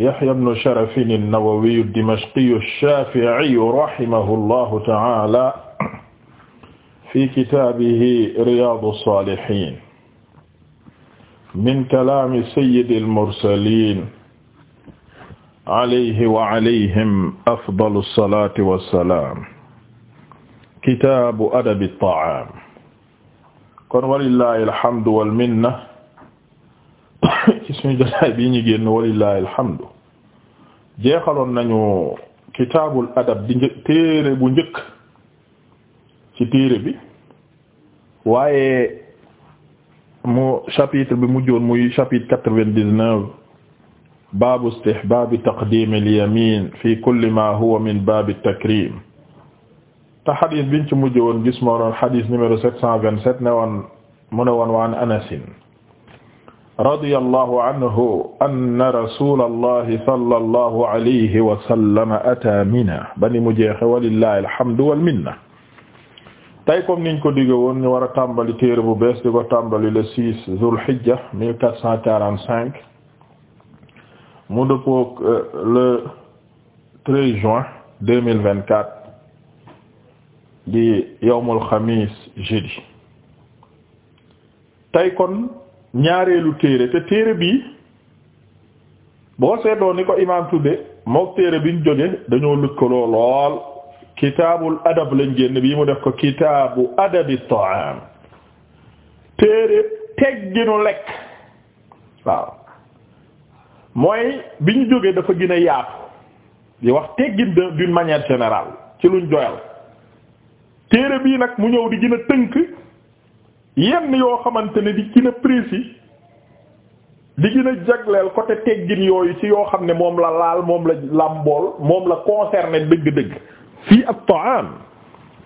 Yahya ibn Sharaf an-Nawawi ad-Dimashqi ash-Shafi'i rahimahullahu ta'ala fi kitaabihi Riyaadu as-Saalihiin min kalaami sayyidil mursaliin alayhi wa alayhim afdalu as-salaati was-salaam kitaabu adabi at-ta'aam kon walillaahi alhamdu wal minna ci suñu jotaay bi ñu génn walillahi alhamdu jeexaloon nañu kitaabul adab di një bu njëkk ci téere bi waaye mu chapitre bi mujjoon muy chapitre quatre-vingt-dix-neuf baabu istihbaabi taqdiim al-yamiin fi kulli ma huwa min baabi takrim te xadis biñ ci mujj woon gis moo doon numéro sept cent vingt-sept ne woon mu ne woon waan anasin radiyallahu anhu anna rasulallahi sallallahu alayhi wa sallam ataa Mina bani mu jeexe walillahi alhamdu wal minna tey comme niñ ko digge woon ñu war a tàmbali téere bu bees di ko tàmbali le 6 Zulhijja 1445 mu dëppoo euh, le 13 juin 2024 di yawmul xamiis jeudi tey kon ñaareelu téere te téere bii boo seetloo ni ko imaam tudde mook téere biñ jóge dañoo lëkkaloo lool kitaabul adab lañ génn bii mu def ko kitaabu adabi ta'am téere tegginu lekk waaw mooy biñ jóge dafa gën a yaatu di wax teggin d'une manière générale ci luñ doyal téere bii nag mu ñëw di gën tënk yenn yoo xamante ne di gën a précis di gën a jagleel côté teggin yooyu ci yoo xam ne moom la laal moom la làmbool moom la concerné dëgg-dëgg fii at-ta'am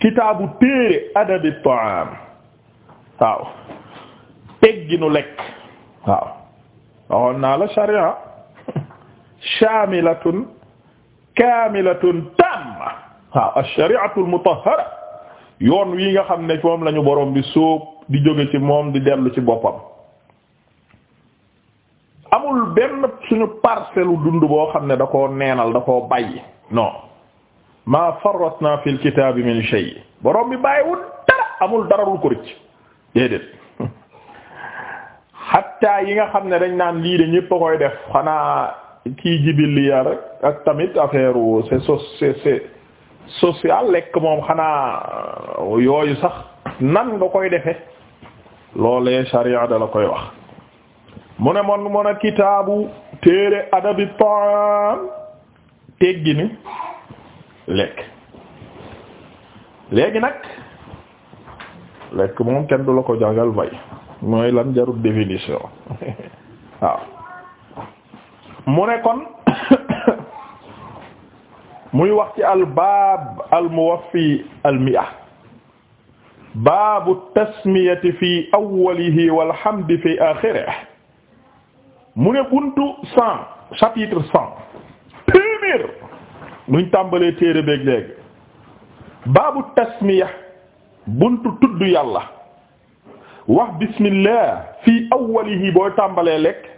kitaabu téere adabi at waaw tegginu lekk waaw waxoon naa la sharia shamilatun kamilatun tamma waaw ash-shari'atu al-mutahhara yoon wi nga xam ne moom lañu borom bi sóob di jóge ci moom di dellu ci boppam amul benn suñu parcelle dund boo xam ne da ko neenal da koo bàyyi no non maa farratna fil kitaabi min yi borom bi bàyyiwul dara amul dara lu ko rëcc déedéet hatta yi nga xam ne dañ naan lii de ñépp a koy def xanaa kii jibil ya rek ak tamit affaire wu c'est c'est c'est lekk moom xanaa yooyu sax nan nga koy defe loolee sharia da la koy wax mu ne mon mu ne kitaabu téere adabi ta'am teggini lekk léegi nag lekk moom kenn du la ko jàngal bay mooy lan jarut définition waaw mu ne kon muy wax ci al baab al baabu tasmiyati fi awwalihi walhamdi fi axirihi mu ne buntu cent chapitre cent premier muñ tàmbalee téere beeg léegi baabu tasmiya buntu tudd yàlla wax bismillah fi awwalihi booy tàmbalee lekk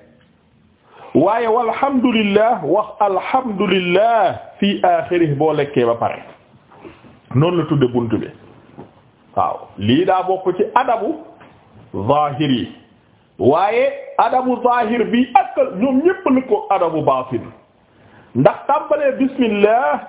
waaye walhamdulillah wax alhamdulillah fi axirihi boo lekkee ba pare noonu la tudd buntu bi waaw lii daa bokk ci adabu zahir yi waaye adabu zahir bi ak ñoom ñépp lu ko adabu baatin ndax tàmbalee bismillah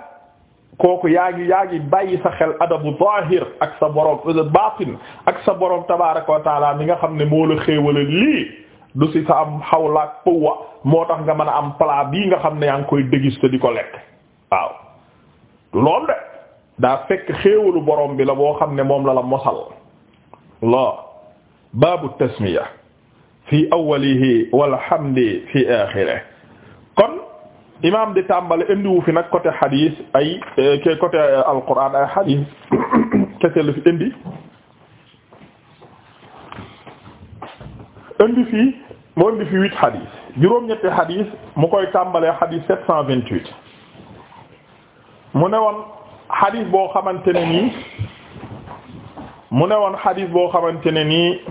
kooku yaa ngi yaa ngi bàyyi sa xel adabu zahir ak sa borom euh, baatin ak sa borom tabaaraka wa mi nga xam ne moo la xéewala lii du si sa am xawlaak pëwwa moo tax nga mën a am plat bii nga xam ne yaa ngi koy dégis te di ko lekk waaw loolu de daa fekk xéewalu borom bi la boo xam ne moom la la mosal la baabu tasmiya fi awwalihi walhamdi fi axirihi kon imaam di tàmbale indiwu fi nag côté xadiis ay ke eh, côté eh, alquran ay xadiis kese la fi indi indi fii moo indi fi huit xadiis juróom-ñetti xadiis mu koy tàmbalee xadiis sept cent vingt-huit mu ne woon xadis boo xamante ne nii mu ne woon boo xamante ne nii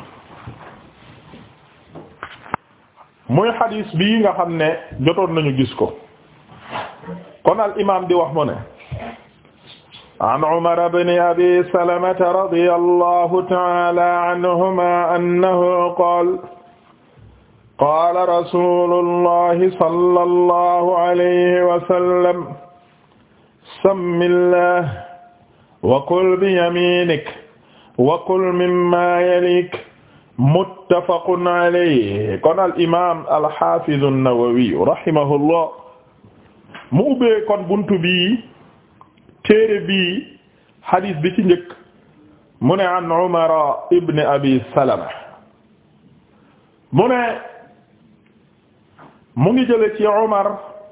muy xadis bii nga xam ne jotoon nañu gis ko kon al imaam di wax mu ne an Umar Abi Salamata radiyallahu ta'ala anhuma annahu qaala qaala rasuulullahi sallallahu alayhi wa sallam sammillah wa kul bi yaminik wa kul mimma yalik muttafaqun alayhi kon al imaam al haafiz an-Nawawi rahimahullah mu ubbee kon buntu bii téere bii hadith bi ci njëkk mu ne an Umar ibn Abi Salama mu ne mu ngi jële ci Umar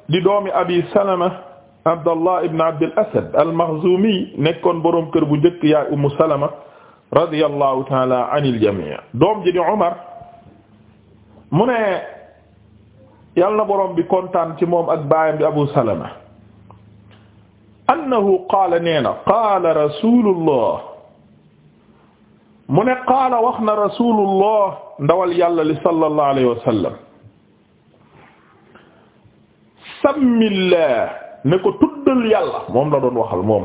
di doomi Abi Salama Abdallah ibn Abd al-Asad al-Makhzumi nekkoon boroom kër bu njëkk yaay Umm Salama radiyallahu ta'ala anil jami' doom ji di Umar mu ne yàlla na boroom bi kontaan ci moom ak baayam bi Abu Salama annahu qaala neena qaala rasulullah mu ne qaala wax na rasulullah ndawal yàlla li sallallahu alayhi wa sallam sammillah ne ko tuddal yàlla moom la doon waxal moom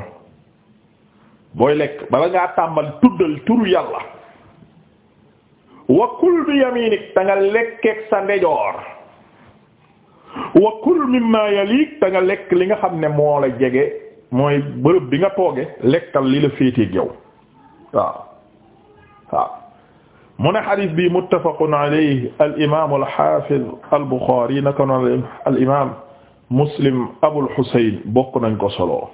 booy lekk bala ngaa tàmbal tuddal turu yàlla wa kul bi yaminik ta nga lekkeek sa wa kul mimma yalik ta nga lekk li nga xam ne moo la jege mooy bërëb bi nga tooge lekkal li la féeteeg yow waaw waaw mu ne xadis bi muttafaqun alayhi al imam al hafiz al bukhari muslim abul husayn bokk nañ ko solo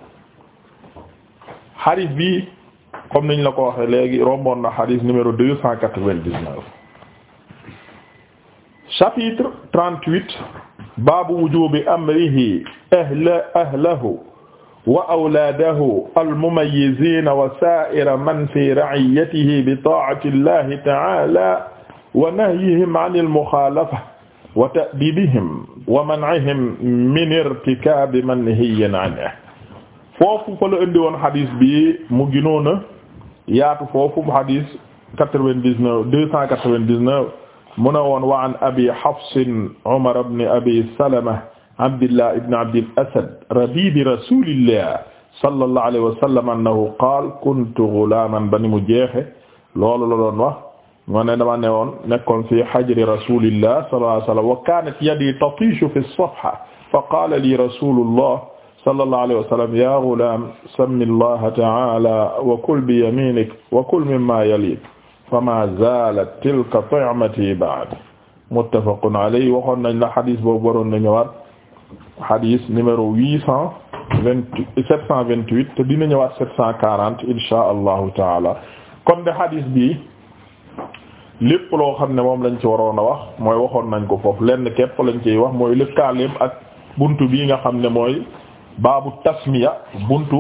xadis bi comme niñ la ko waxee léegi romboon na xadis numéro deux cent quatre-vingt-dix-neuf chapitre trente-huit baabu wujubi amrihi ahla ahlahu wa awlaadahu almumayyiziina wa saa'ira man fi ra'iyyatihi bi taa'ati llahi ta'aala wa nahyihim 'anil mukhaalafa wa ta'dibihim wa man'ihim min irtikaabi manhiyyin anhu foofu fa la indi woon xadis bi mu ginoon a yaatu foofu xadis quatre-vingt-dix-neuf deux cent quatre-vingt-dix-neuf mu ne woon wa an abi Hafs Umar ibn abi Salama Abdillah ibn Abdil Asad rabibi rasulillah sallallahu alayhi wa sallam annahu qaala kuntu ghulaaman ba ni mu jeexe loolu la doon wax moo ne dama ne woon nekkoon fi hajri rasulillah sallallahu alayhi wa sallam wa kanat yadi tatishu fi as-safha fa qala li rasulullah sallallahu alayhi wa sallam ya ghulam sammi allaha ta'ala wa kul bi yaminik wa kul mimma yalik fama zalat tilka ta'mati ba'd muttafaqun alayhi waxoon nañ la hadis boobu waroon na ñëwaat hadis numéro huit cent vingt sept cent vingt huit te dina ñëwaat sept cent quarante insha allahu taala kon de hadis bi lépp loo xam ne moom lañ ci waroon a wax mooy waxoon nañ ko foofu lenn képp lañ ciy wax mooy lëkkaaleem ak buntu bii nga xam ne mooy baabu tasmiya buntu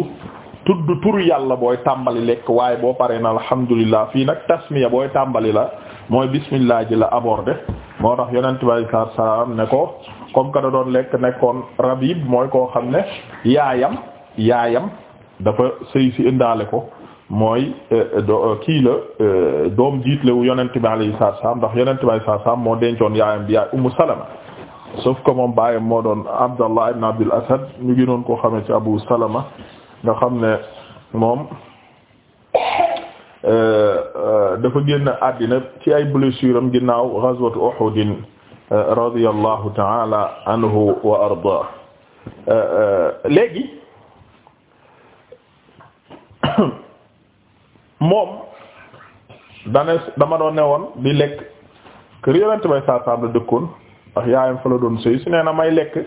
tudd tur yàlla booy tàmbali lekk waaye boo paree na alhamdulillah fii nag tasmiya booy tàmbali la mooy bismillah ji la abordé moo tax yonent bi salaam ne ko comme que da doon lekk nekkoon rabib mooy koo xam ne yaayam yaayam dafa sëy si indaale ko mooy euh, euh, euh, kii la doom jiit yonent bi alayhi salaam ndax yonent bi alayhi salaam moo dencoon yaayam bi yaay Ummu Salama sauf que moom moo doon Abdallah ibn Abdul Asad ñu gënoon koo xamee ci Abu Salama nga xam ne moom dafa génn àddina ci ay blessure am ginnaaw ghazwatu Uhud radiyallahu ta'ala anhu wa arda léegi moom dane dama doon ne woon di lekk kër yonent bay saasaam la dëkkoon ndax yaayam fa la doon sëy si nee na may lekk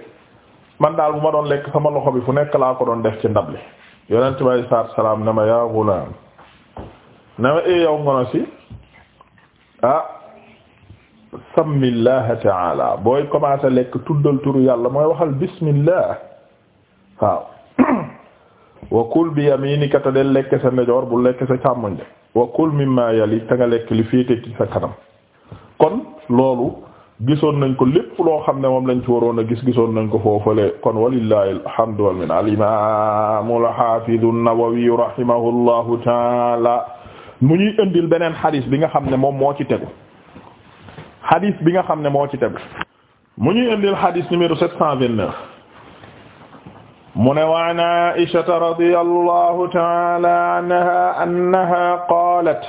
man daal bu ma doon lekk sama loxo bi fu nekk laa ko doon def ci ndab li yonent bay saasaam ne ma yaa gulaam ne ma ee eh yow ngono si ah samillaha taala booy commencé lekk tuddal turu yàlla mooy waxal bismillah waaw wa kul bi yaminika te del lekk sa ndejoor bu lekk sa càmmoñ de wa kul mimma yali te nga lekk li féete ci sa kanam kon loolu gisoon nañ ko lépp loo xam ne moom lañ ci waroon a gis gisoon nañ ko foofale kon walillahi alhamdu wal minna al imam al hafiz an-Nawawi rahimahullahu taala mu ñuy indil beneen xadis bi nga xam ne moom moo ci tegu xadis bi nga xam ne moo ci tegu mu ñuy indil xadis numéro 729 mu ne wa an aishata radiyallahu ta'ala anha annaha qalat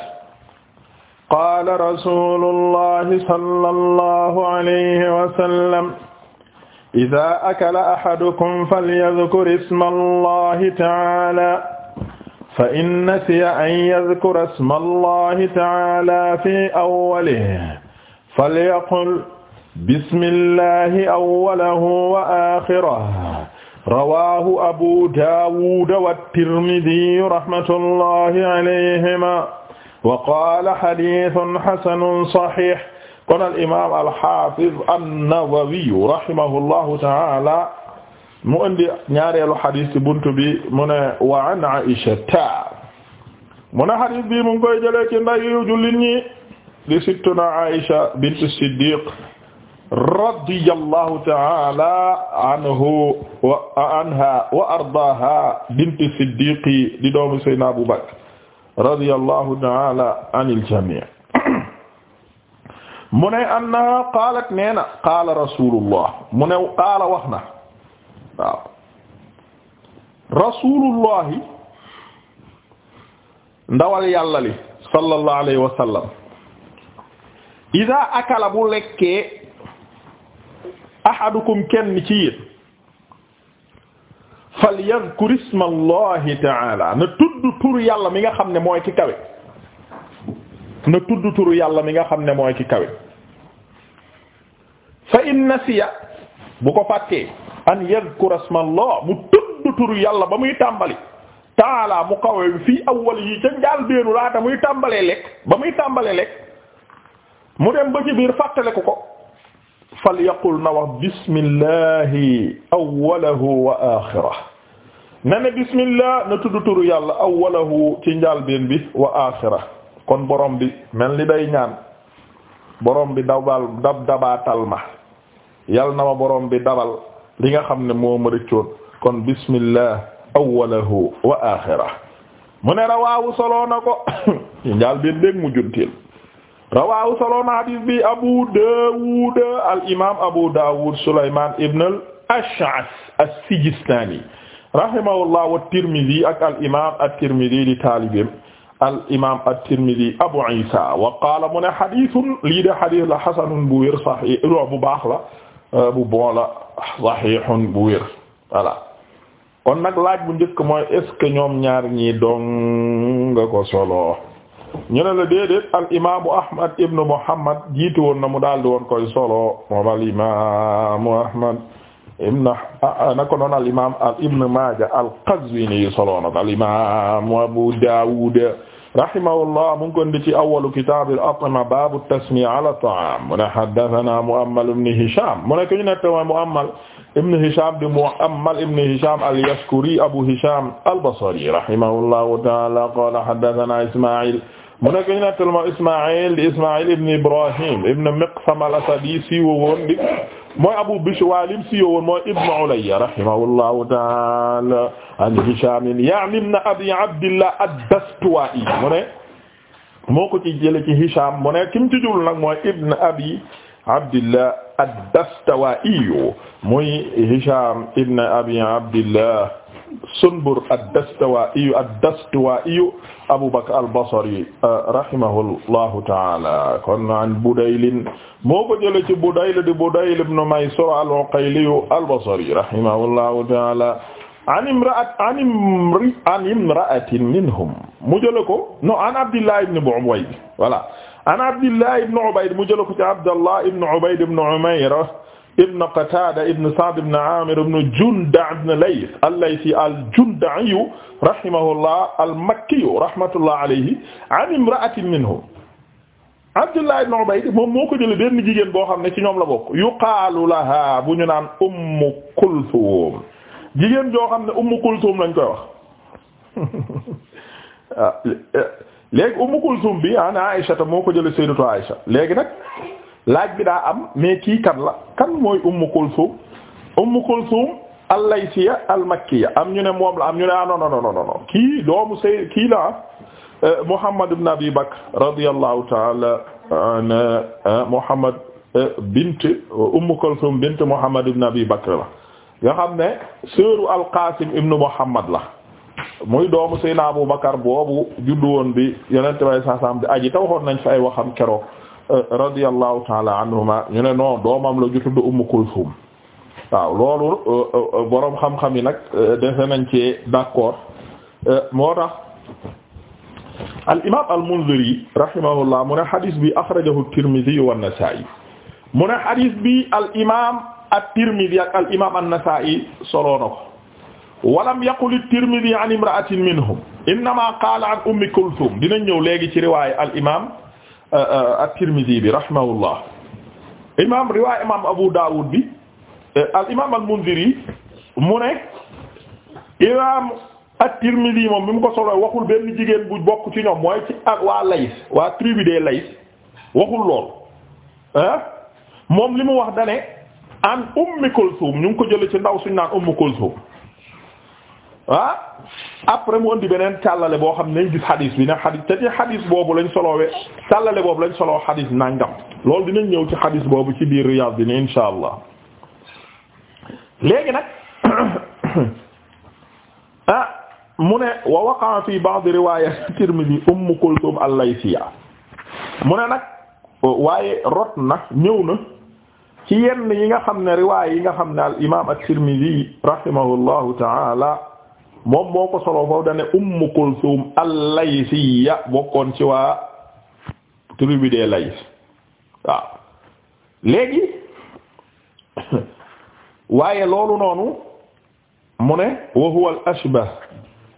qaala rasulullahi sallallahu alayhi wa sallam idha akala ahadukum falyadhkur isma allahi ta'ala fa in nasiya an yadhkura isma allahi ta'ala fi awwalihi falyaqul bismillahi awwalahu wa akhirahu rawaahu abu daawud wa tirmidi rahmatullahi alayhima wa qaala hadiisun hasanun saxiix kon al imaam al haafiz an-nawawi rahimahullahu ta'aala mu indi ñaareelu hadiis ci buntu bi mu ne wa an Aysata mu ne hadiis bi mu ngi koy jëlee ci ndeyu jullit ñi di sittuna Aysa bintu Siddiq radiyallahu ta'ala anhu wa anha wa ardaaha bint siddiqi di doomu sayyidina Abu Bakr radiyallahu ta'ala anil jami' mu ne annaha qaalat nee na qaala rasulullah mu ne qaala wax na waaw rasulullahi ndawal yàlla li sallallahu alayhi wa sallam idaa akala bu lekkee ahadukum kenn ci yéen falyadhkur isma allahi taala na tudd turu yàlla mi nga xam ne mooy ki kawe na tudd tur yàlla mi nga xam ne mooy ki kawe fa in nasiya bu ko fàttee an yadhkur isma allah mu tudd turu yàlla ba muy tàmbali taala mu kawe bi fii awwal yi ca njaal beenu laata muy tàmbalee lekk ba muy tàmbalee lekk mu dem ba ci biir fàttale ko ko falyaqul na wax bismillahi awwalahu wa axirahu na ne bismillah na tudd turu yàlla awwalahu ci njàlbéen bi wa axira kon borom bi mel ni day ñaan borom bi dabal dab dabaatal ma yàlla na ma borom bi dabal li nga xam ne moo ma rëccoon kon bismillah awwalahu wa axira mu ne rawaawu soloo ko ci njàlbéen dégg mu juntil rawaahu Abu Dawud al imaam Abu Dawud Sulaymaan ibn al Ash'as as-Sijistaani rahimahullah wa Tirmidi ak al imaam at-Tirmidi di taalibeem al imaam at-Tirmidi Abu Isa wa mu ne hadisun lii de hadis la hasanun bu wér bu baax la euh, bu bon bu wér voilà kon nag laaj bu njëkk mooy est-ce que ñoom ñaar ñii dong ko solo. ñu ne la déedéet al imaamu Ahmad ibnu Muhammad jiitu woon na mu daal di woon koy solo moom al imaamu Ahmad ibnu ah, naka noonu al imaam al ibnu Maaja al Qazwini solo na al imaamu Abu Daawud rahimahullah mu ngi ko indi ci awwalu kitaab al at'ima baabu tasmiya ala ta'aam mu ne haddathanaa Mu'ammal ibnu Hishaam mu ne ko ñu nekk mooy Mu'ammal ibnu Hishaam di Mu'ammal ibnu Hishaam al-Yashkuri Abu Hishaam al-Basri rahimahullahu ta'aala qaala haddathanaa Ismaa'il mu nekk ñu nettal moom Ismaïl di Ismaïl ibn Ibrahim ibn Miqsam al-Asadi siiwa woon di mooy Abu Bishr waalim siiwa woon mooy Ibn Ulayya rahimahullahu ta'ala an Hisham ya'ni ibn Abi Abdillah ad-Dastuwa'i mu ne moo ko ci jële ci Hisham mu ne ki mu ci jublu nag mooy Ibn Abi Abdillah ad-Dastuwa'i muy Hisham ibn Abi Abdillah Sunbur ad-Dastuwaa'i ad-Dastuwaa'i Abu Bakr al-Basri rahimahullahu ta'ala kon an Budayl moo ko jëlee ci Budayl di Budayl ibn Maysara al-Uqayli al-Basri rahimahullahu ta'ala an imra'at an imri an imra'atin minhum mu jëlee ko no an Abdillah ibn Ubayd voilà an Abdillah ibn Ubayd mu jëlee ko ci Abdallah ibn Ubayd ibn Umayr ibn Qatada ibn Sa'd ibn Amir ibn Jundaa' ibn Layth al-Laythi al-Junda'i rahimahullah al-Makki rahmatullah alayhi an imra'atin minhum Abdullah ibn Ubayd moom moo ko jëlee benn jigéen boo xam ne ci ñoom la bokk yuqaalu laha bu ñu naan Ummu Kulthum jigéen joo xam ne Ummu Kulthum lañ koy wax ah, eh, léegi Ummu Kulthum bi an ah, Aïsha moo ko jëlee Sayyidatu Aïsha léegi nag laaj bi daa am mais kii kan la kan mooy ummu kulsum ummu kulsum al-laysiya am ñu ne moom la am ñu ne ah non non non kii doomu say kii la euh, Muhammad ibn Abi Bakr radiyallahu ta'ala an euh, Muhammad euh, bint ummu kulsum bint Muhammad ibn Abi Bakr la nga xam ne seeru al-Qasim Muhammad la muy doomu Seydina Abu Bakr boobu juddu woon bi yonent bay sasam bi aji taw waxoon nañ fi ay waxam keroog radiyallahu taala anhuma ñu ne non doomam la ju tudd Ummu Kulsum waaw loolu euh, euh, euh, boroom xam-xam yi nag defe nañ ci d'accord moo tax al imaam al Munziri rahimahullah mu ne xadis bi axrajahu at-Tirmidhi wa an-Nasa'i mu ne xadis bi al imaam at-Tirmidhi ak al imaam an-Nasa'i soloo na ko walam yaqul at-Tirmidhi an imra'atin minhum innama qaala an Ummi Kulthum dina ñëw léegi ci riwaayu al imaam Euh, euh, at-Tirmidhi bi rahimahullah imaam riwaay imaam Abu Dawud bi euh, al imaam al yi mu ne imaam at-Tirmidhi moom bi mu ko solo waxul benn jigéen bu bokk ci ñoom mooy ci ak waa Lays waa tribu Lays waxul lool ah moom li mu wax dane an Ummi Kulthum ñu ngi ko jële ci ndaw suñu naan Ummu Kulthum ah après mu indi beneen tallale boo xam ne is gis bi na xadis te ci xadis boobu lañ solowee tallale boobu lañ soloo xadis nangam loolu dinañ ñëw ci xadis boobu ci biir Riyad bi ni insha allah léegi nag ah mu ne wa waqa fi ba'd riwayat Tirmidhi Umm Kulthum al mu ne nag waaye rot na ñëw na ci yenn yi nga xam ne riwaay yi nga xam ne al imam at-Tirmidhi rahimahullahu ta'ala moom moo ko solo foofu dane Umm Kulthum al-Laysiya bokkoon ci waa tribu des Lays waaw léegi waaye loolu noonu mu ne wa huwa al-ashbah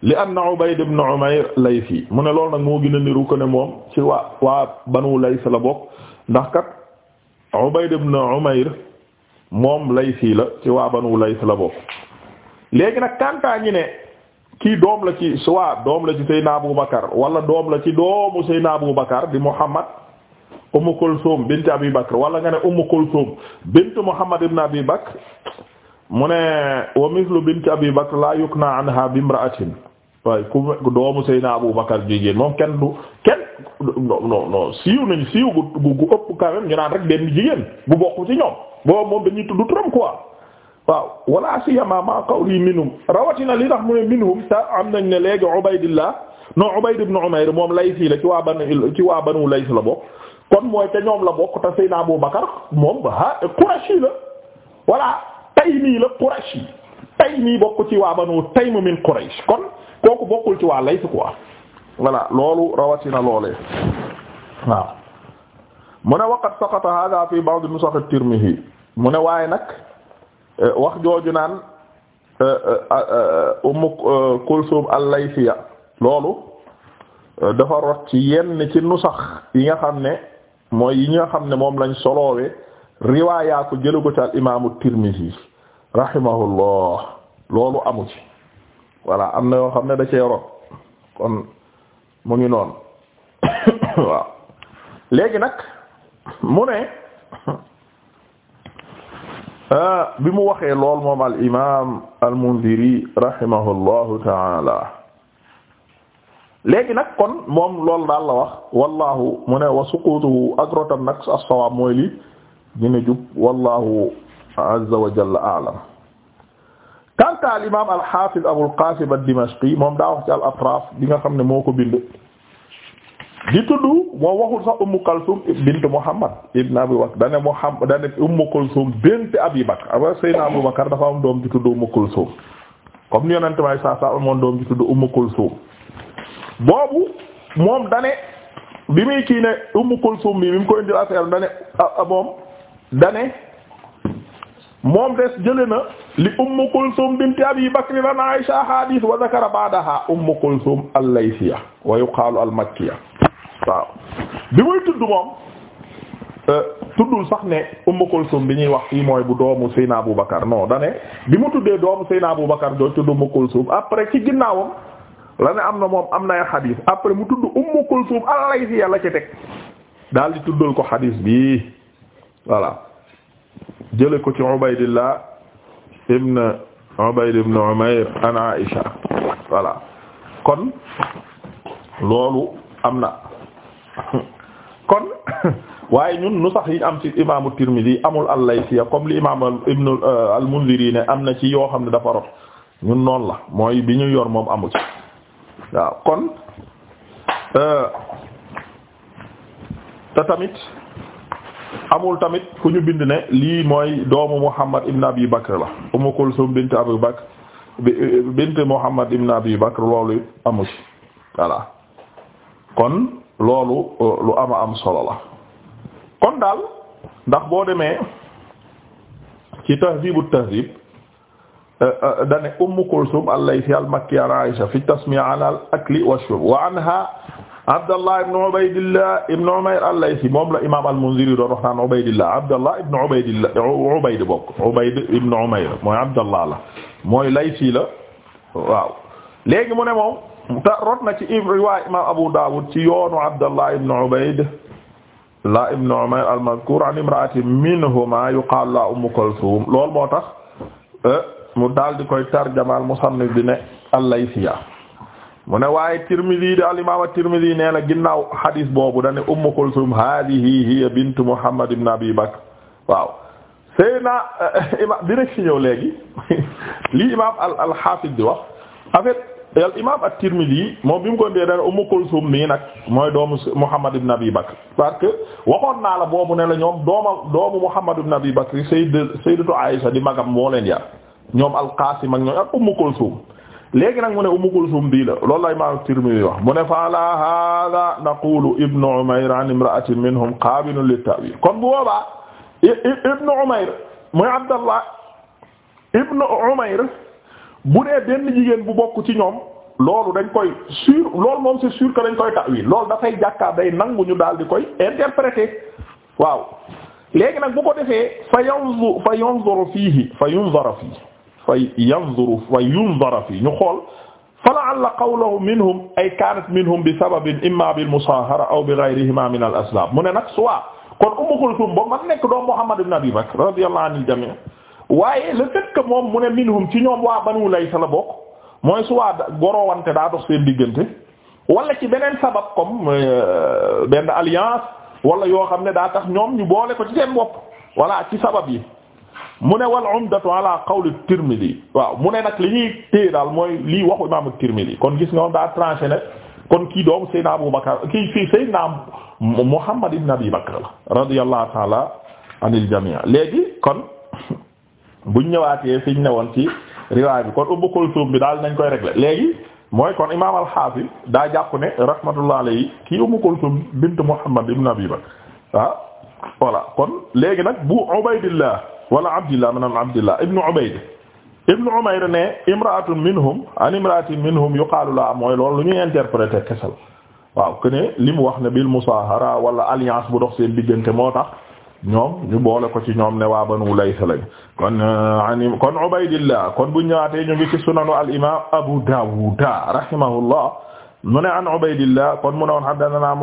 li anna Ubayd ibn Umayr Laysi mu ne lool nag moo gën a niru ko ne moom ci waa waa Banu Lays la bokk ndax kat Ubayd ibn Umayr moom Laysi la ci waa Banu Lays la bokk léegi nag kantaa ne kii doom la ci soit doom la ci Seydina Abu Bakar wala doom la ci doomu Seydina Abu Bakar di Muhammad Umm Kulthum bint Abi Bakr wala nga ne Umm Kulthum bint Muhammad ibn Abi Bakr mu ne wa mithlu bint Abi Bakr la yukna anha bi imra'atin waaye ku doomu Seydina Abu Bakar jigéen moom kenn du kenn non non non siiw nañ siiw gu ëpp quand même ñu naan rek benn jigéen bu bokk ci ñoom boobu moom dañuy tudd quoi waaw wala siyama ma qawli minhum rawatina lii tax mu ne minhum ta am nañ ne léegi Ubaydillah non Ubayd ibn Umayr moom Laysi la ci waa banu ci waa banu Lays la bokk kon mooy te ñoom la bokk te Seydina Abu Bakar moom ha Qurashi la voilà Taymi la Qurashi Taymi bokk ci waa banu Taym min Quraysh kon kooku bokkul ci waa Lays quoi voilà loolu rawatina loolee na mu mu ne waaye nag Eh, wax jooju naan eh, eh, Ummu Kulsum al-Laysiya loolu dafa rot ci yenn ci sax yi nga xam ne mooy yi nga xam ne moom lañ soloowe riwaayaa ko jëlu ko ci al imaamu Tirmizi rahimahullah loolu amu ci voilà am na yoo xam ne da cee rot kon mu ngi noonu waaw léegi nag mu ne Ah, bi mu waxee lool moom al imaam al mundiri taala léegi nag kon moom lool daal la wax wallahu mu ne wa suqutuhu ak rotam nag as-sawaab mooy li dina jub wallahu azza wa jalla a'lam kanta al imaam al hafiz moom daa wax ci atraaf bi nga xam ne moo ko bind di tudd moo waxul sax ummu kalsum bint muhammad ibn abi bakr dane muhammad dane ummu kalsum bint abi bakr aba sayna abu dafa am doom ji tudd ummu kalsum comme ni yonente may saa saa amoon doom ji tudd ummu kalsum boobu moom dane bi muy kii ne ummu kalsum bi mi mu ko indil affaire dane moom dane moom des jële na li ummu kulsum binti abi bakr an aisha hadith wa zakara ba'daha ummu kulsum al wa yuqalu al waaw bi muy tudd moom euh, tuddul sax ne Ummu Kulsum bi ñuy wax fii mooy bu doomu Seyna Abu Bakar non da ne bi mu tuddee doomu Seyna Abu Bakar doo tudd Ummu Kulsum après ci ginnaawam la ne am na moom am na ay xadiis après mu tudd Ummu Kulsum allay si yàlla ci teg daal di tuddal ko xadiis bi voilà jële ko ci Ubaydillah ibn Ubayd ibn Umayr an Aisha voilà kon loolu am na kon waaye ñun nu sax yi am ci imaamu Tirmidhi amul al-Laythiyya comme li imaam ibn euh, al-Mundhiri ne am na ci yoo xam ne dafa rot ñun noon la mooy bi ñu yor moom amu ci waaw kon euh, te tamit amul tamit ku ñu bind ne lii mooy doomu Muhammad ibn Abi Bakr la Umm Kulsum bint Abi Bakr euh, bint Muhammad ibn Abi Bakr loolu amu ci voilà kon loolu euh, lu ama am solo la kon daal ndax boo demee ci tahdibu tahdib euh, euh, dane Umm Kulsum al-Laythi al-Makkiya an Aisha fi tasmiya al-akli wash-shurb wa anha Abdallah ibn Ubaydillah ibn moom la imaam al ibn Ubaydillah Ubayd bokk Ubayd ibn Umayr mooy Abdallah la mooy Laythi la waaw léegi mu te rot na ci riwaay imam Abu Dawud ci yoonu Abdallah ibn Ubayd la ibn Umayr al-mazkur an imra'atin minhuma yuqaal la Umm Kulthum moo tax eh, mu daal di koy tarjamaal musannif bi ne al mu ne waaye Tirmidhi de al-imam at-Tirmidhi nee na ginnaaw hadis boobu dane Umm Kulthum hadihi hiya bint Muhammad ibn Abi Bakr waaw imam dina ci ñëw léegi al imaam at-Tirmidhi moom bi mu ko dee dara Kulsum nii nag mooy doomu Muhammad ibn Abi Bakr parce que naa la boobu ne la ñoom doomam doomu Muhammad ibn Abi Bakr sayyid sayyidatu Aisha di magam moo yar ñoom al-Qasim ak ñoom ak Umm Kulsum léegi nag mu ne Kulsum bii la loolu la imaam at wax mu ne fa ala hadha naqulu ibnu Umayr an kon booba boobaa ibnu bu dee benn jigéen bu bokk ci ñoom loolu dañ koy sûr lool moom c'est sûr que dañ koy tawil loolu dafay jàkkaar day nangu ñu daal di koy interpréter waaw léegi nag bu ko defee fa yanzu fa yanzuru fiihi fa yunzara fiihi fa yanzuru fa yunzara fiihi ñu xool fa la'alla qawluhu minhum ay kaanat minhum bi sababin imma bil musaahara aw bi ghayrihima min al asbaab mu ne nag soit kon Umm Kulthum ba man nekk doom Muhammad ibn Abi Bakr radiyallahu anil jami' waaye le fait que moom mu ne minhum ci ñoom waa banu laysa la bokk mooy su waa gorowante daa dox seen diggante wala ci beneen sabab comme euh, benn alliance wala yoo xam ne daa tax ñoom ñu boole ko ci seen bopp wala ci sabab yi mu ne wal umdatu ala qawli Tirmidhi waaw mu ne nag li ñuy téye daal mooy lii waxu imam yi kon gis nga moom daa tranché ne kon kii doomu Seydina Abu Bakar kii fii Seydina Muhammad ibn Abi Bakr la radiyallahu ta'ala anil léegi kon buñ ñëwaatee fiñ ne woon ci riwaay bi kon Ummu Kulsum bi daal nañ koy régler léegi mooy kon imaam al-Hafiz daa jàpp ne rahmatullah alayhi kii Ummu Kulsum bint Muhammad ibn Abi Bakr ah voilà kon léegi nag bu Ubaydillah wala Abdillah maanaam Abdillah ibn Ubayd ibn Umayr ne imra'atun minhum an imra'atin minhum yuqaalu la mooy loolu lu ñuy interpréter kesal waaw que ne li mu wax ne bil musaahara wala alliance bu dox seen diggante moo tax ñoom ñu boole ko ci ñoom ne waa Banu Layth lañ kon euh, an kon Ubaydillah kon bu ñëwaatee ñu ngi ci sunanu al imaam Abu Dawud rahimahullah mu ne an Ubaydillah kon mu ne woon haddathana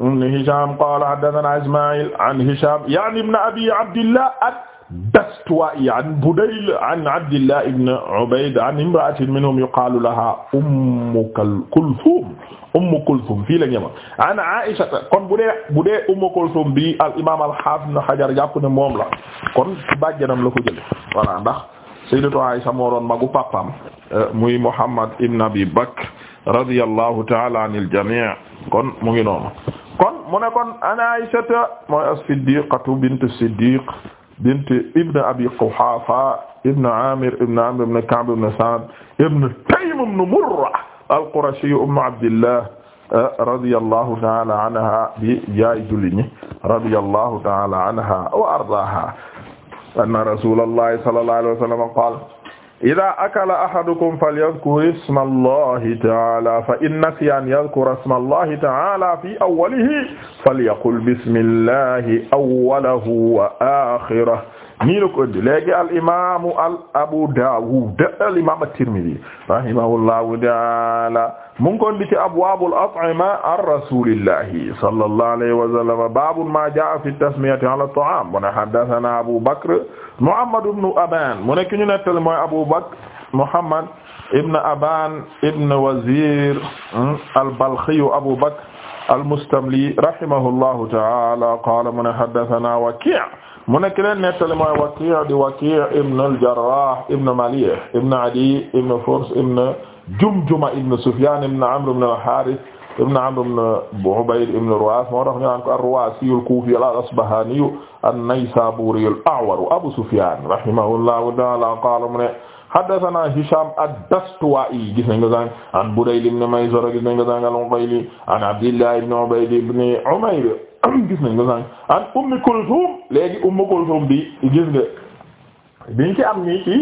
ibn Hisham qala haddathana Isma'il an Hisham ya'ni ibn Abi Abdillah ad-Dastuwa'i an Budayl an Abdillah ibn Ubayd an imra'atin minhum yuqalu laha Ummu Kulthum Ummu Kulthum fii la ñëma an Aisha kon bu dee bu dee Ummu Kulthum bi al imam al-Hafiz Ibn Hajar jàpp ne moom la kon bàjjanam la ko jële voilà ndax Sayyidatu Aisha moo doon magu papaam euh, muy Muhammad ibn Abi Bakr radiyallahu ta'ala anil jami' kon mu ngi noonu kon mu ne kon an Aysata mooy as-Siddiqatu bint Siddiq bint Ibn Abi Quhafa Ibn Amir Ibn Amr Ibn Ka'b Ibn Sa'd Ibn Taym Ibn Murra al-Qurashi Ummu Abdillah eh, radiyallahu ta'ala anha bi yaay jullit ñi radiyallahu ta'ala anha wa ardaaha anna Rasulallahi sallallahu alayhi wa sallam qaala ida akala ahadukum falyadkur isma allahi taala fa in nasiya an yadkura isma allahi taala fi awwalihi falyaqul bismillahi awwalahu wa akhirahu nii la ko indi léegi al imaamu al abu daawud al imaam at-tirmidhi rahimahullahu taala mu ngi ko indi ci abwaabul at'ima an rasuulillahi sallallahu alayhi wa sallam baabun maa jaa'a fi tasmiyati ala at-ta'aam mu ne haddathana abu bakr muhammad ibn aban mu nekk ñu nettali mooy abu bakr muhammad ibn aban ibn wazir hmm, al-balkhi abu bakr al-mustamli rahimahullahu taala qaala mu ne haddathana waki' mu nekk leen nettali mooy Waki' di Waki' ibn al-Jarrah ibn Malih ibn Adi ibn Furs ibn Jumjuma ibn Sufyan ibn Amr ibn al-Harith ibn Amr ibn Ubayd ibn Ruwas moo tax ñu naan ko ar-Ruwasi al-Kufi al-Asbahani an-Naysaburi al-A'war Abu Sufyan rahimahullahu ta'ala qala mu ne haddathana Hisham ad-Dastuwa'i gis nañ ko sànq an Budayl ibn Maysara gis nañ ko sànq al-Uqayli an Abdillah ibn Ubayd ibn Umayr gis nañ ko sànq an ummi kulsum léegi ummi kulsum bi gis nga biñ ci am nii ci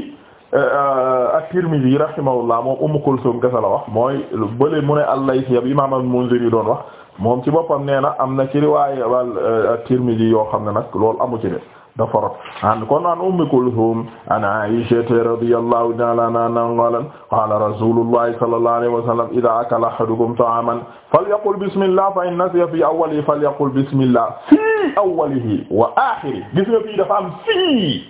euh, euh, at-Tirmidhi rahimahullah moom ummi kulsum kese la wax mooy bële mu ne al-Laythi ab imaam al-Munziri doon wax moom ci boppam nee na am na ci riwaaya euh, at-Tirmidhi yoo xam ne nag loolu amu ci de dafa rot an kon an ummi kulthum an aishata radiyallahu ta'ala anha qalat qala rasulullahi sallallahu alayhi wa sallam idha akala ahadukum ta'aman falyaqul bismillah fa in nasiya fi awwalihi falyaqul bismillah fi awwalihi wa akhirihi gis nga fii dafa am fii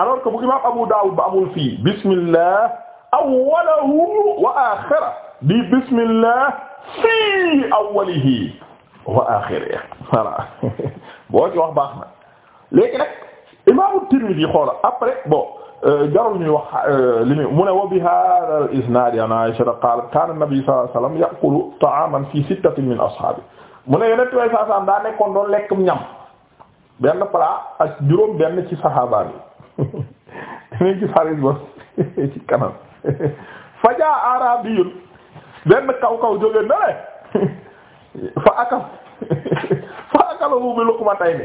alors que bu imam Abu Dawud ba amul fii bismillah awwalahu wa akhirahu bi bismillah fi awwalihi wa akhirihi voilà boo ci wax baax na léegi nag imaamu Tirmidhi xoola après bon euh, jarul ñuy wax euh, li mu ne wa bi hadha al isnad an Aisha qalat kana nabi sallallahu alayhi wasallam ya'kulu fi sittatin min ashaabi mu ne yonent way saa saam daa nekkoon doon lekk ñam benn plat ak juróom bi dinañ ci xarit ba ci kanam fajaa arabiyun benn kaw kaw jóge na fa akal fa akalahu bi luqmatayni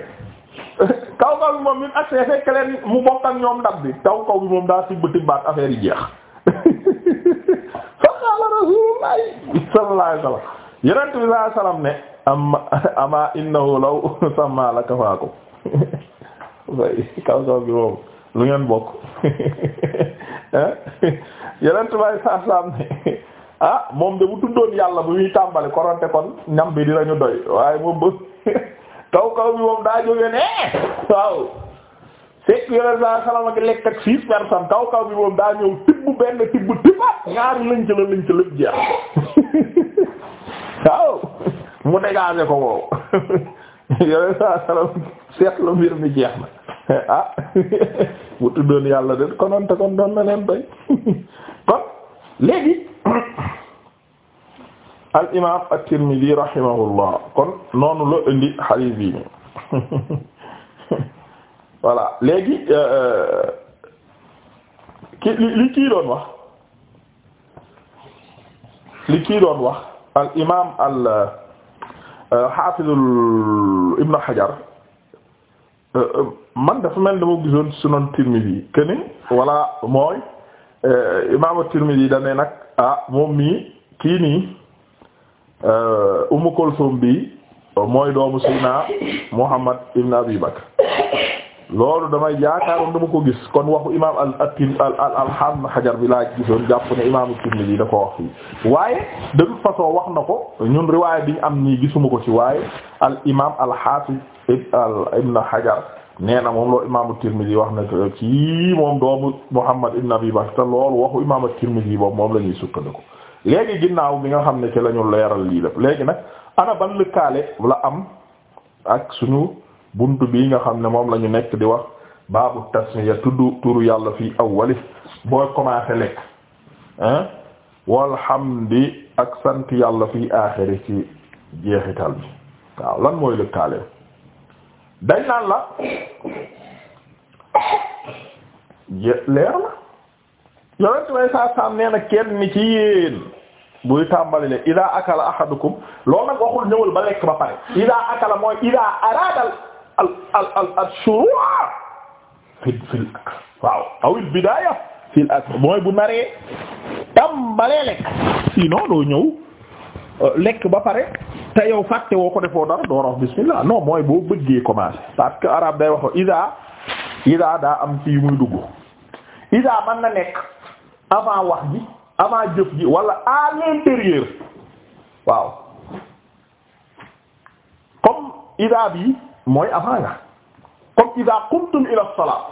kaw kaw bi moom bi mu accès fekk leen mu bokk ak ñoom ndab bi kaw kaw bi moom daa tibb tibbaat affaire yi jeex fa qaala rasulullah sallallahu alayhi wasallam yonent bi sallallahu alayhi wasallam ne ama ama innahu law sama la kafaakum kaw kaw bi moom lu ngeen bokk eh? yonent bi sallallahu alayhi wasallam ne ah moom de bu tuddoon yàlla bu muy tàmbali koronte kon ñam bi doy waaye moom ba kaw kaw bi moom daa jóge ne waaw fekk yore saa salama gi lekk ak six personnes kaw kaw bi moom daa ñëw tibb benn tibb tibbaat ñaari la lënc lépp jeex waaw mu dégagé ko wow yore saa salama seetlu mbir mi jeex na ah bu tuddoon yàlla de konoon te kon doon na leen doy kon léegi al imaam at-Tirmidhi rahimahullah kon noonu la indi xadiis bi ni voilà léegi euh, euh, ki li kii doon wax li kii doon wax al imaam al xaafiz euh, Ibn Hajar man dafa mel dama gisoon sunan Tirmidhi keni voilà mooy imaam at-Tirmidhi da ne ah, moom mii kii nii Euh, Ummu Kulsum bi mooy doomu Sina Muhammad ibn Abi Bakr loolu damay yaakaaroon dama ko gis kon waxu imaam al atim al al laa gisoon jàpp ne imaam Tirmidhi da ko na ko ñun riwaay bi am nii gisuma ko ci waaye al imaam al xaafis ibn xajar nee na moom loolu imaam Tirmidhi wax na ko kii moom doomu Muhammad ibn Abi Bakr te loolu waxu imaam Tirmidhi boobu moom la ñuy sukkandiku. léegi ginnaaw bi nga xam ne ci la ñu leeral lii lépp léegi nag ana ban lëkkaale la am ak suñu bunt bii nga xam ne moom la ñu nekk di wax baabu tasmiya tudd turu yàlla fii awwali booy commencé lekk ah walhamdi ak sant yàlla fii aaxiri ci jeexital bi waaw lan mooy lëkkaale dañ naan la leer la yonent may saa saam nee na kenn ni ci yéen buy tàmbali ne ida akala ahadukum loolu nag waxul ñëwal ba lekk ba pare ida akala mooy ida araadal al al al al shuruu' fi fi l akl waaw aw il bidaaya fi l mooy bu naree tàmbalee lekk sinon doo euh, lekk ba pare te yow fàtte woo ko defoo dara door wax bismillah non mooy boo bëggee commencer parce que arabe day wax ida ida daa am ci muy dugg ida mën na nekk avant wax ji avant jëf ji wala à l'intérieur waaw comme ida bi mooy avant nga comme ida qumtum ila salat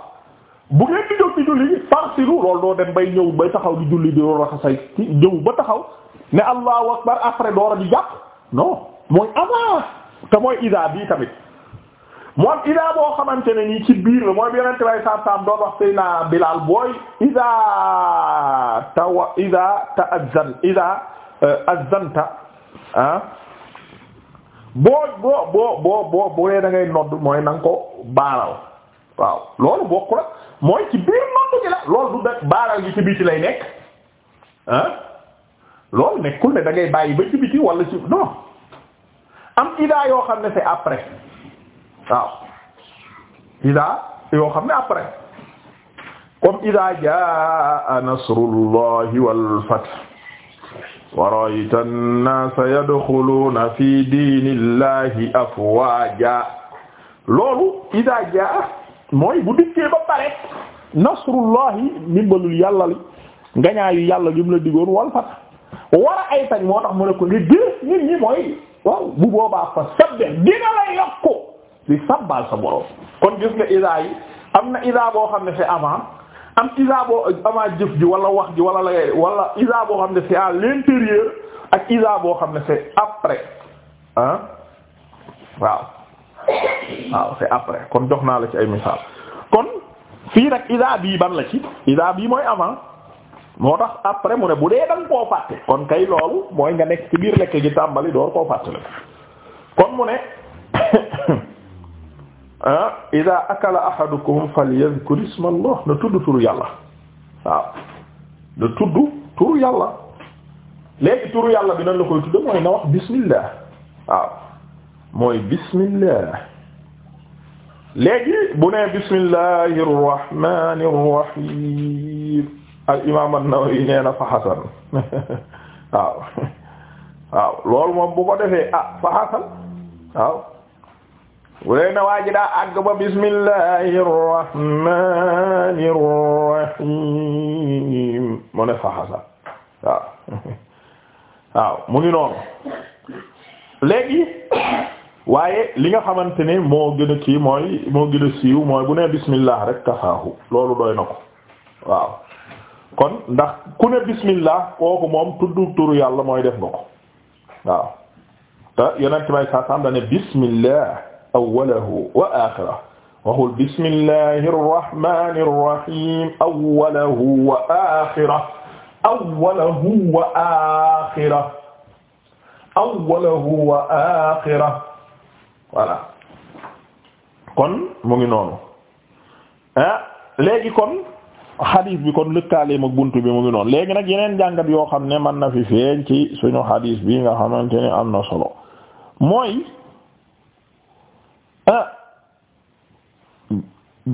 bu di jóg di farsilu loolu doo dem bay ñëw bay taxaw di julli di loolu raxasay ci ñëw ba taxaw ne allahu akbar après door a di jàpp non mooy avant te mooy ida bi tamit moom ida boo xamante ne ni ci biir la mooy bi yonente way sa sam doon wax sëy na Bilaal booy ida tawa ida ta ida euh, azanta ah boo boo boo boo boo boo lee da ngay nodd mooy na ko baaral waaw loolu bokku la mooy ci biir nodd gi la loolu du def baaral gi ci biti lay nekk ah loolu nekkul ne da bàyyi ba ci biti wala ci non am ida yoo xam ne c'est après waaw ida yoo xam ne après comme ida jaa nasrullahi wal fath wa ra'ayta an-naasa yadxuluuna fi diinillahi loolu ida jaa mooy bu dikkee ba pare nasrullahi ndimbalul yàlla li ngañaayu yàlla li la digoon wal fath war a moo tax mu ne ko nga gis nit ñi mooy waaw bu boobaa fa sabbe dina la yokku di sabbal sa borom kon gis nga idaa yi am na idaa boo xam ne c'est avant am idaa boo avant jëf ji wala wax ji wala la wala idaa boo xam ne si à l'intérieur ak idaa boo xam ne c'est après ah waaw waaw c'est après kon jox naa la ci ay misaal kon fii nag idaa bii ban la ci idaa bii mooy avant moo tax après mu ne bu dee da koo fàtte kon kay loolu mooy nga nekk ci biir lekk gi tàmbali door koo fàtte la kon mu ne Ah, ida akala ahadukum falyadhkur isma allah na tudd turu yàlla waaw na tudd turu yàlla léegi turu yàlla bi nan koy tudd mooy na wax bismillah waaw mooy bismillah léegi bu nee bismillahir rahmanir rahim al imam an fa hasan waaw waaw loolu moom bu defee ah fa hasan waaw wuley na waa ji àgg ba bismillahi irrahmani irrahim mu ne faxasa waaw waaw mu ngi noonu léegi waaye li nga xamante ne moo gën a kii mooy moo gën a siiw mooy bu ne bismillah rek kafaahu loolu doy na ko waaw kon ndax ku ne bismillah kooku moom tuddu turu yàlla mooy def nga ko waaw te yonent may saa saam dane bismillah awwalahu wa aaxirahu waxul bismillahi arrahmani arrahim awwalahu wa aaxirahu awwalahu wa aaxirahu awwalahu wa aaxirahu kon mu ngi noonu ah léegi kon xadis bi kon lëkkaaleem ak bunt bi mu ngi noonu léegi nag yeneen jàngat yoo xam ne mën na fi feeñ ci suñu xadis bi nga xamante ne am na solo mooy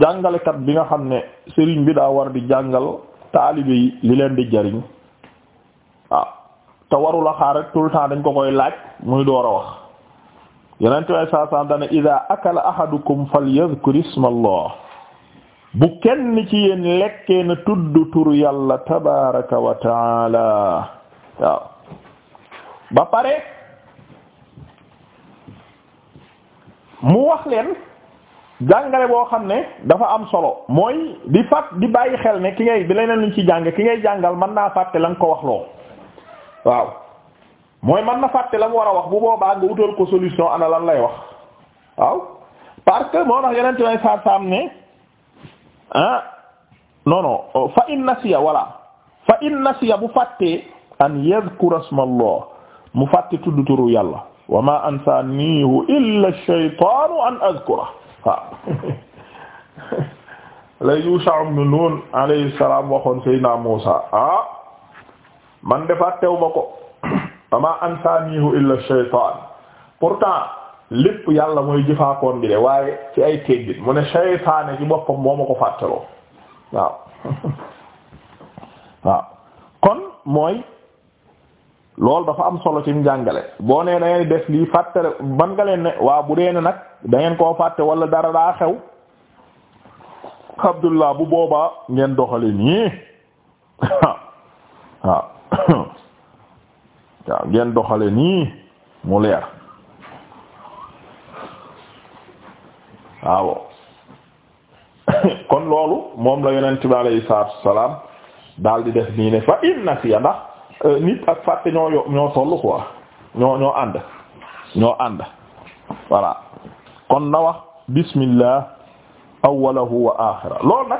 jàngalekat bi nga xam ne sëriñ bi daa war di jàngal taalibe yi li leen di jariñ waaw te warul a xaar rek tout le temps dañ ko koy laaj muy door a wax yenente way saa san dana ida akala ahadukum falyadhkur ismallah bu kenn ci yéen lekkee na tudd tur yàlla tabaraka wa taala waaw ba pare mu wax leen jàngale boo xam ne dafa am solo mooy di fat di bàyyi xel ne ki ngay bi leneen luñ ci jàng ki ngay jàngal man naa fàtte la nga ko wax loo waaw mooy man na fàtte la mu war a wax bu boobaa nga wutal ko solution ana lan lay wax waaw parce que moo tax yeneen ci may saar saam ne ah non non fa in nasiya walla fa in nasiya bu fàttee an yadhkura ismallah mu fàtte tudd turu yàlla wa ma ansanihu illa ash-shaytanu an azkura waaw la Yusha ibn Nun alayhi salam waxoon Seydina Musa ah man defaat tew ma ko wa ma ansanihu illa ash-shaytan pourtant lépp yàlla mooy jëfaakoon bi de waaye ci ay teggin mu ne shaytaane ci boppam ma ko fàttaloo waaw waaw kon mooy loolu dafa am solo ci njàngale boo nee da ngeen def lii fàtte man nga leen ne waa bu dee ne nag dangeen koo fàtte wala dara daa xew Abdullah bu boobaa ngeen doxale nii waaw waaw ngeen doxale nii mu leer waaw kon loolu moom la yonent bi alayhi salaatu wa salaam dal di def nii ne fa in nasiya ndax Euh, nit ak fàtte ñoo yo- ñoo ko quoi ñoo ñoo ànd ñoo ànd voilà kon na wax bismillah awwalahu wa aaxira loolu nag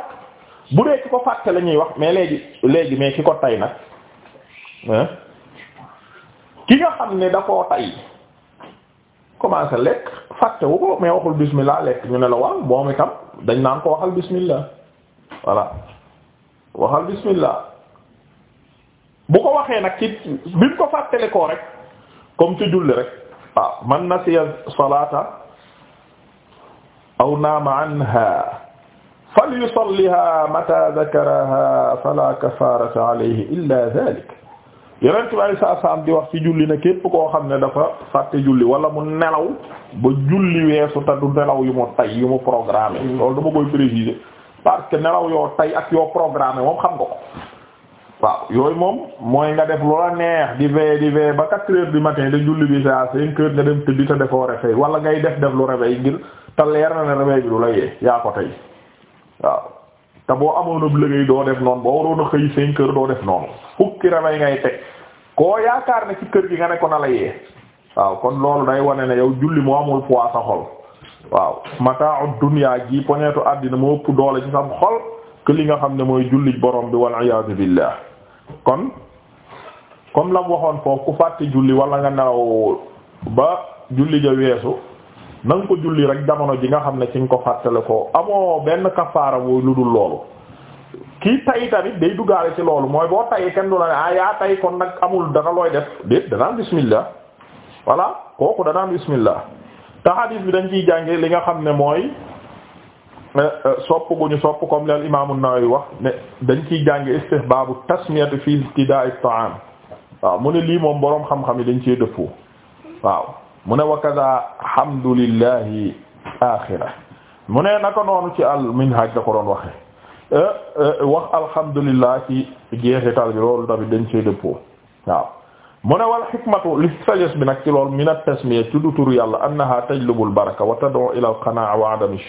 bu dee ki ko fàtte la wax mais léegi léegi mais ki ko tay nag ki nga xam ne da tay commencé lekk fàtte wu ko mais waxul bismillah lekk ñu ne la waaw moom itam dañ naan ko waxal bismillah voilà waxal bismillah bu ko waxee nag ci bi mu ko fàttale koo rek comme ci julli rek waaw man nasiya salata aw naama anha falyusalliha mata dhakaraha fala kafarata alayhi illa dhalik yeneen tubaab yi saa saam di wax ci julli ne képp koo xam ne dafa fàtte julli wala mu nelaw ba julli weesu te du nelaw yu mu tay yu mu programmé mm. loolu dama koy préciser parce que nelaw yoo tay ak yoo programme moom xam nga ko waaw yooyu moom mooy nga def loola neex di veillé di veillé ba julli bi sa cinq heures nga dem tëddi te defoo réveil wala ngay def def lu réveil ngir te leer na ne réveil bi lu la yee yaa ko tey waaw te boo amoon ab liggéey doo def noonu boo waroon a xëy cinq heures doo def noonu fukki réveil ngay teg koo yaakaar ne ci kër gi nga ne ko na la yee waaw kon loolu day wane ne yow julli moo amul poids sa xol waaw mata'u dunya gi poñeetu àddina moo ëpp doole ci sam li nga xam ne mooy julli borom bi wal iyaazu kon comme la waxoon foofu ku fàtte julli walla nga nelaw ba julli ja weesu na ko julli rek jamono ji nga xam ne ci nga ko fàttale ko amoo benn kafaara bu lu dul loolu kii tay tamit day duggaale ci loolu mooy boo tayee kenn du la ne ah yaa tay kon nag amul dara looy def déet danaan bismillah voilà kooku danaan bismillah te hadith bi dañ ciy jànge li nga xam ne mooy Euh, sopp gu ñu sopp comme li Imaam An-Nawawi wax dañ ci jàng istihbaabu tasmiyati fi ibtidaa'i at-ta'aam mu ne lii moom boroom xam-xam yi dañ cee dëppoo waaw mu ne wa kaza hamdulillahi aaxira mu ne naka noonu ci al-Minhaaj da ko doon waxe euh, euh, wax alhamdulillah ci jeexital bi loolu tamit dañ cee dëppoo waaw mu ne wal xikmatu li sagesse bi nag ci lool min at-tasmiya ci du tur yàlla annaha tajlubul baraka wa tad'u ila al-qanaa'a wa 'adami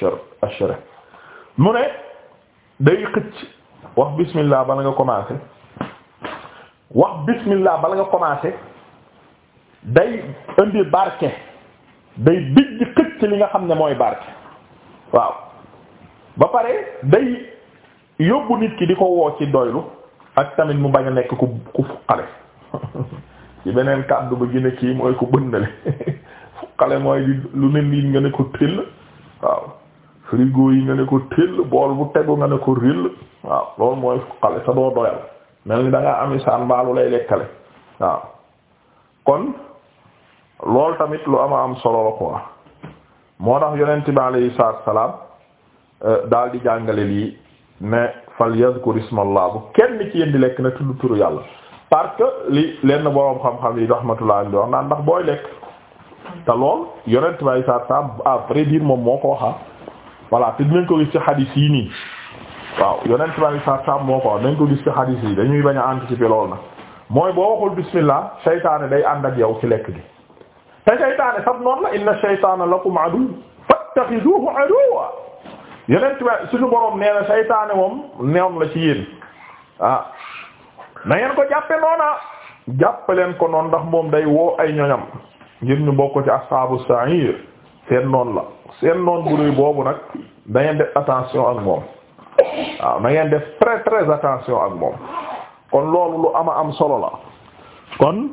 ash-sharr mu ne day xëcc wax bismillah bala nga commencer wax bismillah bala nga commencer day indi barke day bijj xëcc li nga xam ne mooy barke waaw ba pare day yóbbu nit ki di ko woo ci doylu ak tamit mu bañ a nekk ku ku fuqale ci beneen kàddu ba gën a kii mooy ku bënnale fuqale mooy lu ne nit nga ne ko tëll waaw frigo yi nga ne ko tëll bool bu tegu nga ne ko rill waaw loolu mooy xale sa doo doyal mel ni da ngaa am isaan mbaalu lay lekkale waaw kon loolu tamit lu ama am solo la quoi moo tax yonent bi alayhi salaatu salaam euh, daal di jàngale lii ne fal yazkur ismallah bu kenn ci yéen di lekk na tudd turu yàlla parce li lenn boroom xam-xam yi rahmatullah di wax ndax booy lekk te lool yonent bi alayhi salaatu salaam à vrai moom moo ko waxa ah. voilà te dinañ ko gis ci xadis yi nii waaw yonent bi saa saam moo ko dinañ ko gis ci xadis yi dañuy bañ a anticiper loolu nag mooy boo waxul bismillah seytaane day ànd ak yow ci lekk gi te seytaane sax noonu la inna seytaana lakum adu fattaxiduhu aduwa yonent bi suñu borom nee na seytaane moom neewam la ci yéen ah na ngeen ko jàppe noona jàppaleen ko noonu ndax moom day woo ay ñoñam ngir ñu bokk ci ashaabu sa'ir seen noon la seen noon bu rëy boobu nag da ngeen def attention ak moom waaw na ngeen def très très attention ak moom kon loolu lu ama am solo la kon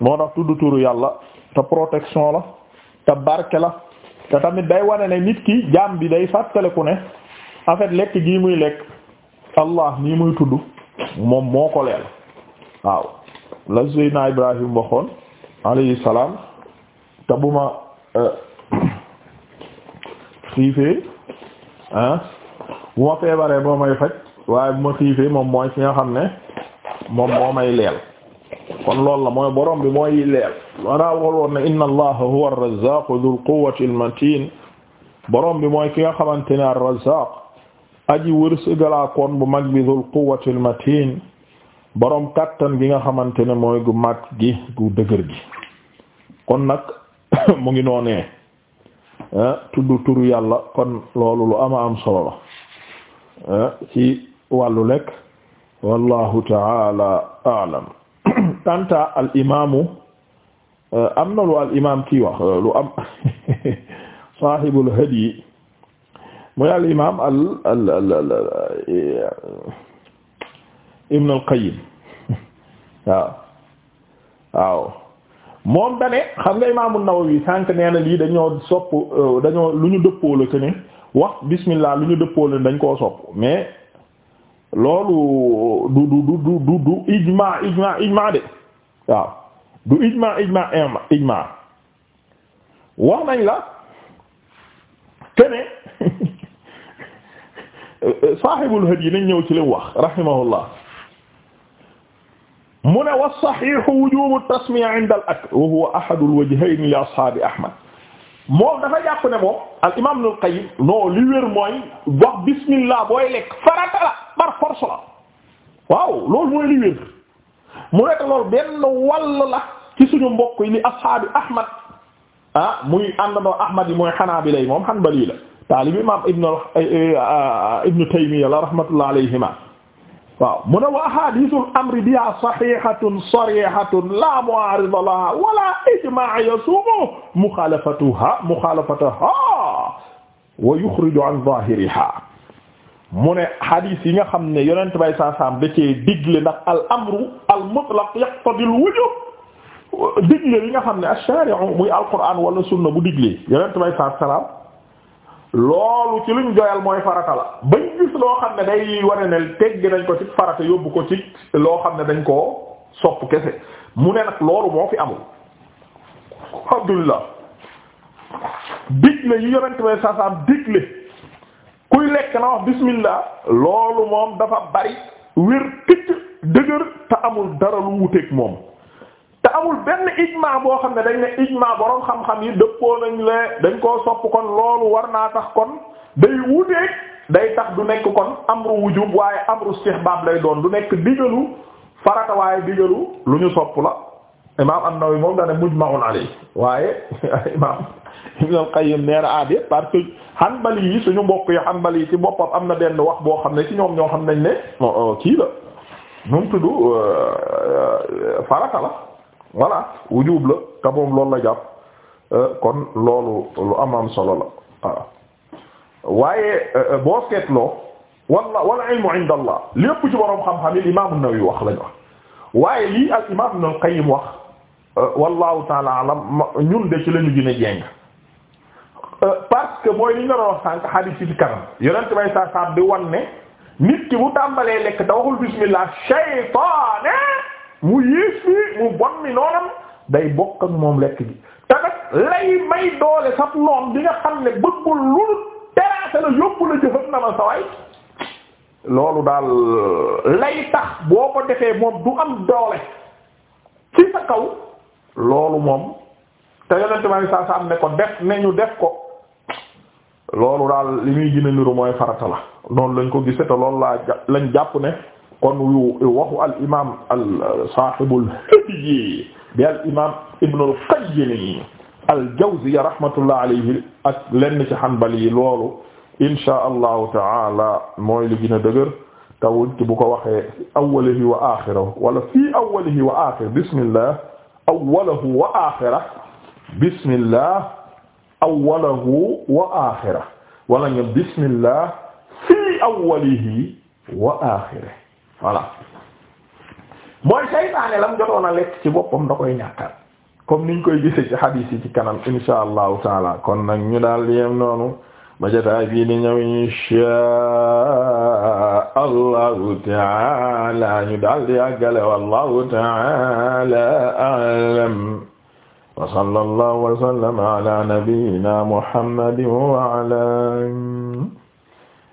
moo tax tudd turu yàlla te protection la te barke la te tamit day wane ne nit ki jaam bi day fàttaliku ne en fait lekk gii muy lekk allah nii muy tudd moom moo ko leel waaw la Seydina Ibrahim waxoon alayhi salaam te xiifee ah bu ma feebaree may faj waaye bu ma xiifee moom mooy ki nga xam ne moom moo may leel kon loolu la mooy borom bi mooy leel manaa wol woon ne inna allaha huwa ar-razzaqu dhul quwwati al bi mooy ki nga xamante ne ar-razzaq aji wërsëgalaakoon bu mag bi dhul quwwati al-matin kattan gi nga xamante ne mooy gu mag gi gu dëgër gi kon nag mu ngi noonee Eh, tudd turu yàlla kon loolu lu ama am solo la eh, ci wàllu lekk wallahu taala aalam tanta al imaamu eh, am na lu al imaam kii wax lu am saahibul hadi muy al imaam al al al ibn al qayyim waaw waaw moom dane xam nga imaam an-Nawawi sànq nee na lii dañoo sopp euh, dañoo lu ñu dëppoo la que wax bismillah lu ñu dëppoo la dañ koo sopp mais loolu du du du du du ijma ijma ijma de wax nañ la que ne saahibul hadi nañ ñëw ci li wax rahimahullah mu ne wa a wujubu tasmiya a al akl wa huwa ahadul wajhayni li ashaabi dafa jàpp ne moom al imaam Ibnul Qayyim non li wér mooy wax bismillah booy lekk farata la par force la waaw loolu mooy li wér mu nekk loolu benn wàll la ci suñu mbokk yi li ashaabi Ahmad ah muy àndandoo Ahmad yi mooy Hanaabila moom Hanbali la taalibi imaam eh, eh, ah, Ibnu Ibnu la rahmatullah alayhima waaw mu ne wa ahadisul amri biha sahihatun sarihatun la mu'arida laha wala ijma' yasumu mukhalafatuha mukhalafataha wa yukhriju an zahiriha mu ne hadith yi nga xam ne yonent bay saasaam da cee digle ndax al amru al mutlaq yaqtadi al wujub digle yi nga xam ne ash-shari'u muy alquran wala sunna bu diglee yonent bay saasaam loolu ci luñ joyal mooy farata la bañ gis loo xam ne day wane ne tegg nañ ko ci farata yóbbu ko ci loo xam ne dañ koo sopp kese mu ne nag loolu moo fi amul alhamdulillah digle yi yonent may saasaam digle kuy lekk na wax bismillah loolu moom dafa bari wér këcc dëgër te amul dara lu wuteek moom te amul benn ijmaa boo xam ne dañ ne ijmaa boroom xam-xam yi dëppoo nañ le dañ koo sopp kon loolu war naa tax kon day wuteeg day tax du nekk kon amru wujub waaye amru istihbaab lay doon du nekk digalu farata waaye digalu lu ñu sopp la imaam an-Nawawi moom dane mujma'un alayhi waaye imaam Ibn al-Qayyim neera aad parce que Hanbali yi ñu mbokk yi Hanbali yi ci boppam am na benn wax boo xam ne ci ñoom ñoo xam nañ ne oh, oh, kii la ñu tudd euh, euh, farata la voilà wujub la te moom loolu la jàpp euh, kon loolu lu am solo la waaw waaye euh, euh, boo seetloo walla wala ilmu inda allah lépp ci boroom xam-xam yi imam an-Nawawi wax lañu wax waaye lii al imam Ibn al-Qayyim wax wallahu taala alam ñun de ci lañu gën a jéng parce que mooy li ñu doon wax sànq hadith yi ci kanam yonent bay sa sab di nit ki bu tàmbalee lekk te waxul bismillah shaytaane mu yées mi mu bon mi noonam day bokk ak moom lekk gi te nag lay may doole sab bi nga xam ne bëggul lu terrasse loolu daal lay boo ko defee moom du am doole ci sa kaw loolu moom te yonente ma saa sa am ne ko def ne ñu def ko loolu daal li muy gën a niru mooy farata la noonu lañ ko gisee te loolu laa lañ jàpp ne kon waxu al imaam al saahibul hadyi bi al imaam Ibn al Qayyim al Jawziyya rahmatullah alayhi ak lenn ci hanbali yi loolu insha allahu taala mooy li gën a dëgër tawul ki bu ko waxee awwalihi wa aaxirahu wala fii awwalihi wa aaxirahu bismillah awwalahu wa aaxirahu bismillah awwalahu wa aaxirahu wala nga bismillah fii awwalihi wa aaxirahu voilà mooy saytaane lam jotoon a lekk ci boppam da koy ñàkkal comme niñ koy gise ci xadiis yi ci kanam insha allahu taala kon nag ñu daal yem noonu ba jotaay bii di ñëw insha allahu taala ñu daal di àggale wallahu taala a'lam wa sallallahu wa sallama ala nabiyyina muhammadin wa ala